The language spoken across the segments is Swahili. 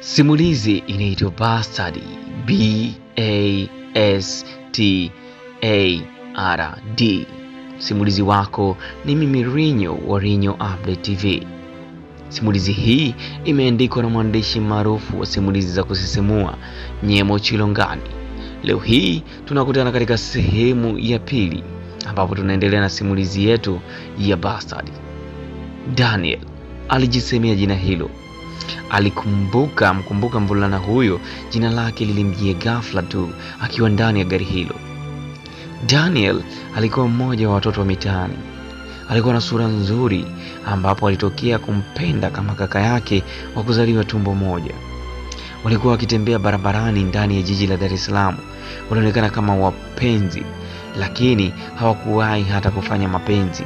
Simulizi inaitwa Bastard, B A S T A R D. Simulizi wako ni mimi Rinyo wa Rinyo Update TV. Simulizi hii imeandikwa na mwandishi maarufu wa simulizi za kusisimua Nyemo Chilongani. Leo hii tunakutana katika sehemu ya pili ambapo tunaendelea na simulizi yetu ya Bastard. Daniel alijisemea jina hilo alikumbuka mkumbuka mvulana huyo, jina lake lilimjia ghafla tu akiwa ndani ya gari hilo. Daniel alikuwa mmoja wa watoto wa mitaani. Alikuwa na sura nzuri, ambapo alitokea kumpenda kama kaka yake wa kuzaliwa tumbo moja. Walikuwa wakitembea barabarani ndani ya jiji la Dar es Salaam, walionekana kama wapenzi, lakini hawakuwahi hata kufanya mapenzi.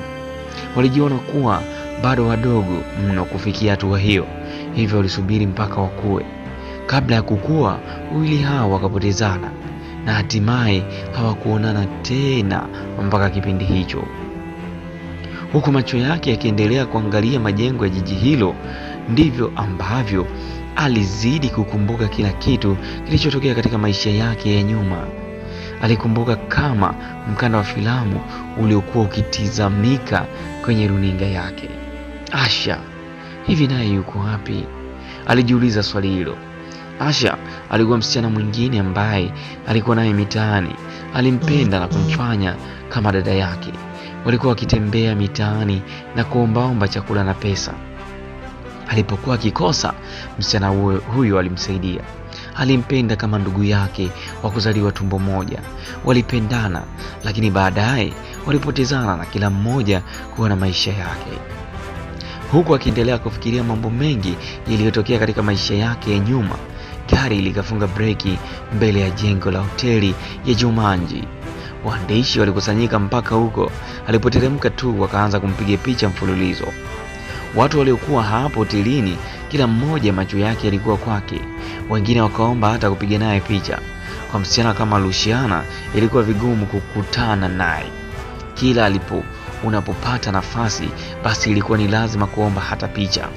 Walijiona kuwa bado wadogo mno kufikia hatua hiyo hivyo walisubiri mpaka wakue. Kabla ya kukua, wawili hao wakapotezana na hatimaye hawakuonana tena mpaka kipindi hicho. Huku macho yake yakiendelea kuangalia majengo ya jiji hilo, ndivyo ambavyo alizidi kukumbuka kila kitu kilichotokea katika maisha yake ya nyuma. Alikumbuka kama mkanda wa filamu uliokuwa ukitizamika kwenye runinga yake. Asha Hivi naye yuko wapi? Alijiuliza swali hilo. Asha alikuwa msichana mwingine ambaye alikuwa naye mitaani, alimpenda na kumfanya kama dada yake. Walikuwa wakitembea mitaani na kuombaomba chakula na pesa. Alipokuwa akikosa, msichana huyo alimsaidia. Alimpenda kama ndugu yake wa kuzaliwa tumbo moja. Walipendana, lakini baadaye walipotezana na kila mmoja kuwa na maisha yake huku akiendelea kufikiria mambo mengi yaliyotokea katika maisha yake ya nyuma. Gari likafunga breki mbele ya jengo la hoteli ya Jumanji. Waandishi walikusanyika mpaka huko alipoteremka tu, wakaanza kumpiga picha mfululizo. Watu waliokuwa hapo hotelini, kila mmoja macho yake yalikuwa kwake, wengine wakaomba hata kupiga naye picha. Kwa msichana kama Luciana ilikuwa vigumu kukutana naye kila alipo unapopata nafasi, basi ilikuwa ni lazima kuomba hata picha.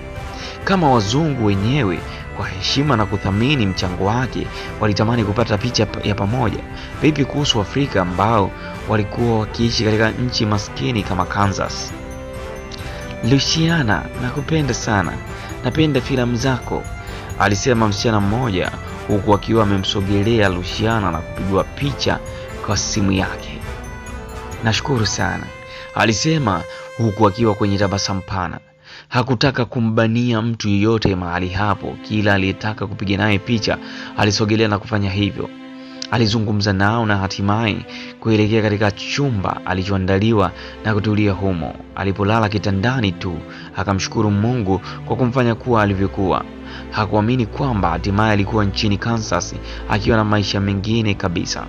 Kama wazungu wenyewe kwa heshima na kuthamini mchango wake walitamani kupata picha ya pamoja, vipi kuhusu Afrika ambao walikuwa wakiishi katika nchi maskini kama Kansas? Luciana, nakupenda sana, napenda filamu zako, alisema msichana mmoja huku akiwa amemsogelea Luciana na kupigwa picha kwa simu yake. Nashukuru sana alisema huku akiwa kwenye tabasamu pana. Hakutaka kumbania mtu yeyote mahali hapo. Kila aliyetaka kupiga naye picha alisogelea na kufanya hivyo. Alizungumza nao na hatimaye kuelekea katika chumba alichoandaliwa na kutulia humo. Alipolala kitandani tu akamshukuru Mungu kwa kumfanya kuwa alivyokuwa. Hakuamini kwamba hatimaye alikuwa nchini Kansas akiwa na maisha mengine kabisa.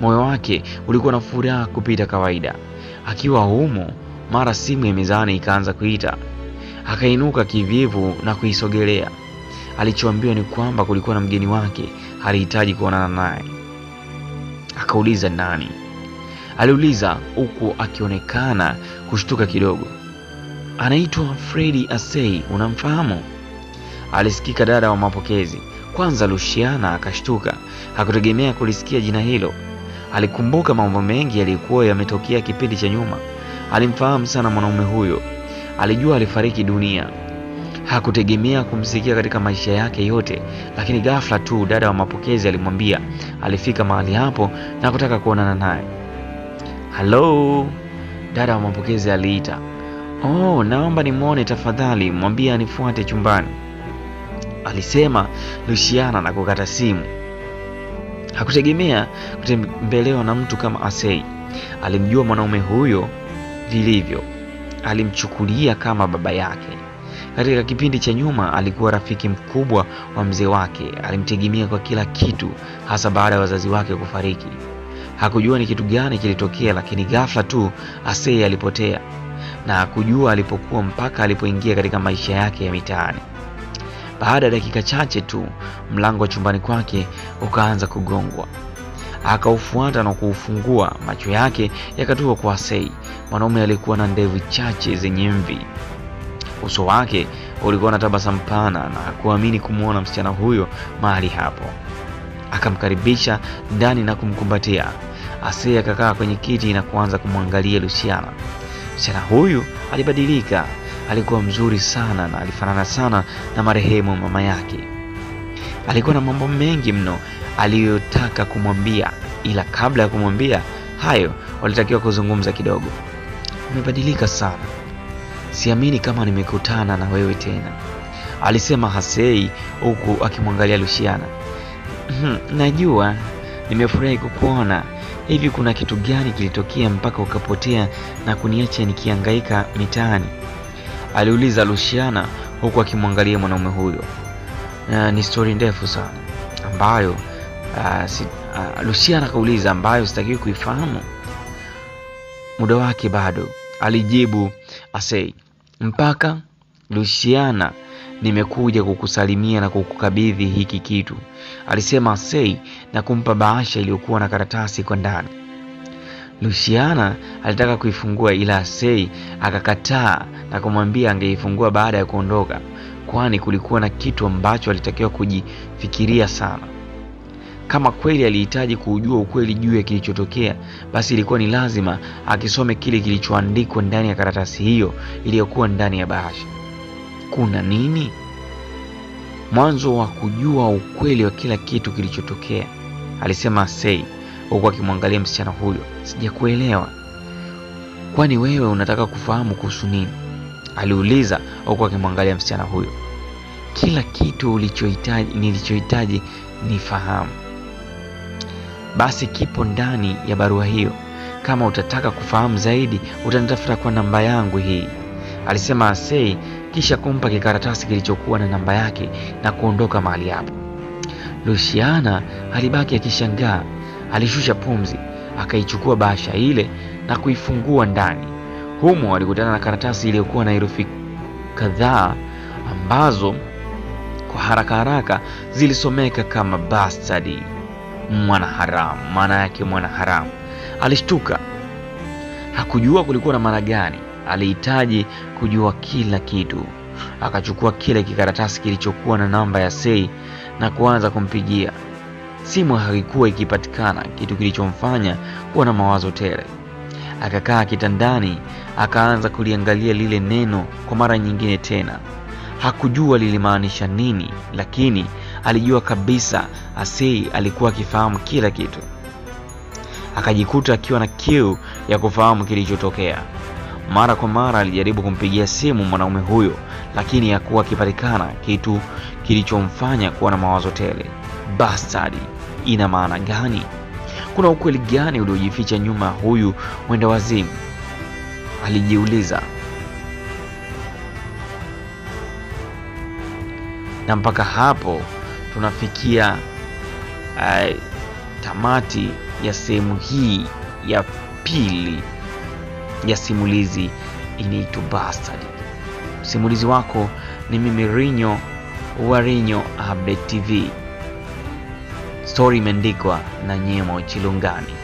Moyo wake ulikuwa na furaha kupita kawaida. Akiwa humo, mara simu ya mezani ikaanza kuita. Akainuka kivivu na kuisogelea. Alichoambiwa ni kwamba kulikuwa na mgeni wake, alihitaji kuonana naye. Akauliza nani? Aliuliza huku akionekana kushtuka kidogo. Anaitwa Fredi Asei, unamfahamu? Alisikika dada wa mapokezi. Kwanza Luciana akashtuka, hakutegemea kulisikia jina hilo. Alikumbuka mambo mengi yaliyokuwa yametokea kipindi cha nyuma. Alimfahamu sana mwanaume huyo, alijua alifariki dunia. Hakutegemea kumsikia katika maisha yake yote, lakini ghafla tu dada wa mapokezi alimwambia alifika mahali hapo na kutaka kuonana naye. Halo, dada wa mapokezi aliita. Oh, naomba nimwone tafadhali, mwambie anifuate chumbani, alisema Luciana na kukata simu. Hakutegemea kutembelewa na mtu kama Asei. Alimjua mwanaume huyo vilivyo, alimchukulia kama baba yake. Katika kipindi cha nyuma alikuwa rafiki mkubwa wa mzee wake, alimtegemea kwa kila kitu, hasa baada ya wazazi wake kufariki. Hakujua ni kitu gani kilitokea, lakini ghafla tu Asei alipotea na hakujua alipokuwa mpaka alipoingia katika maisha yake ya mitaani. Baada ya dakika chache tu, mlango wa chumbani kwake ukaanza kugongwa. Akaufuata na kuufungua, macho yake yakatua kwa Sei, mwanaume alikuwa na ndevu chache zenye mvi. Uso wake ulikuwa na tabasamu pana na kuamini kumwona msichana huyo mahali hapo. Akamkaribisha ndani na kumkumbatia. Asei akakaa kwenye kiti na kuanza kumwangalia Luciana. Msichana huyu alibadilika alikuwa mzuri sana na alifanana sana na marehemu mama yake. Alikuwa na mambo mengi mno aliyotaka kumwambia, ila kabla ya kumwambia hayo walitakiwa kuzungumza kidogo. Umebadilika sana, siamini kama nimekutana na wewe tena, alisema Hasei huku akimwangalia Luciana. Hmm, najua nimefurahi kukuona. Hivi kuna kitu gani kilitokea mpaka ukapotea na kuniacha nikihangaika mitaani? aliuliza Luciana huku akimwangalia mwanaume huyo. Uh, ni stori ndefu sana ambayo uh, si, uh, Luciana akauliza ambayo sitakiwi kuifahamu, muda wake bado, alijibu Asei. Mpaka Luciana, nimekuja kukusalimia na kukukabidhi hiki kitu, alisema Asei na kumpa bahasha iliyokuwa na karatasi kwa ndani. Luciana alitaka kuifungua ila Sei akakataa na kumwambia angeifungua baada ya kuondoka, kwani kulikuwa na kitu ambacho alitakiwa kujifikiria sana. Kama kweli alihitaji kuujua ukweli juu ya kilichotokea, basi ilikuwa ni lazima akisome kile kilichoandikwa ndani ya karatasi hiyo iliyokuwa ndani ya bahasha. Kuna nini? Mwanzo wa kujua ukweli wa kila kitu kilichotokea, alisema Sei huku akimwangalia msichana huyo. Sijakuelewa, kwani wewe unataka kufahamu kuhusu nini? aliuliza huku akimwangalia msichana huyo. Kila kitu ulichohitaji nilichohitaji ni fahamu. Basi kipo ndani ya barua hiyo. Kama utataka kufahamu zaidi, utanitafuta kwa namba yangu hii, alisema Asei, kisha kumpa kikaratasi kilichokuwa na namba yake na kuondoka mahali hapo. Luciana alibaki akishangaa Alishusha pumzi, akaichukua bahasha ile na kuifungua ndani. Humo alikutana na karatasi iliyokuwa na herufi kadhaa ambazo kwa haraka haraka zilisomeka kama bastard, mwanaharamu. Maana yake mwana haramu Alishtuka, hakujua kulikuwa na maana gani. Alihitaji kujua kila kitu. Akachukua kile kikaratasi kilichokuwa na namba ya sei na kuanza kumpigia simu haikuwa ikipatikana, kitu kilichomfanya kuwa na mawazo tele. Akakaa kitandani, akaanza kuliangalia lile neno kwa mara nyingine tena. Hakujua lilimaanisha nini, lakini alijua kabisa Asei alikuwa akifahamu kila kitu. Akajikuta akiwa na kiu ya kufahamu kilichotokea. Mara kwa mara alijaribu kumpigia simu mwanaume huyo, lakini hakuwa akipatikana, kitu kilichomfanya kuwa na mawazo tele bastard ina maana gani? Kuna ukweli gani uliojificha nyuma huyu mwenda wazimu? Alijiuliza. Na mpaka hapo tunafikia uh, tamati ya sehemu hii ya pili ya simulizi inaitwa Bastard. Msimulizi wako ni mimi Rinyo wa Rinyo Update TV. Stori imeandikwa na Nyemo Chilungani.